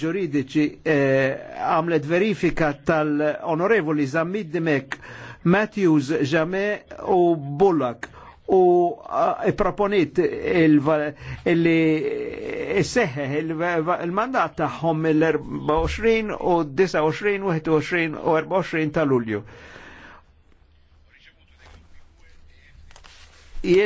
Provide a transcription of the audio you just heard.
ġuridiċi e e, għamlet verifika tal-onorevoli Zammid Dimek, Matthews, Jame u Bullock u e proponit il-seħe il seħe il mandat taħħom il-24 u 29 21 u 24 tal-Ulju.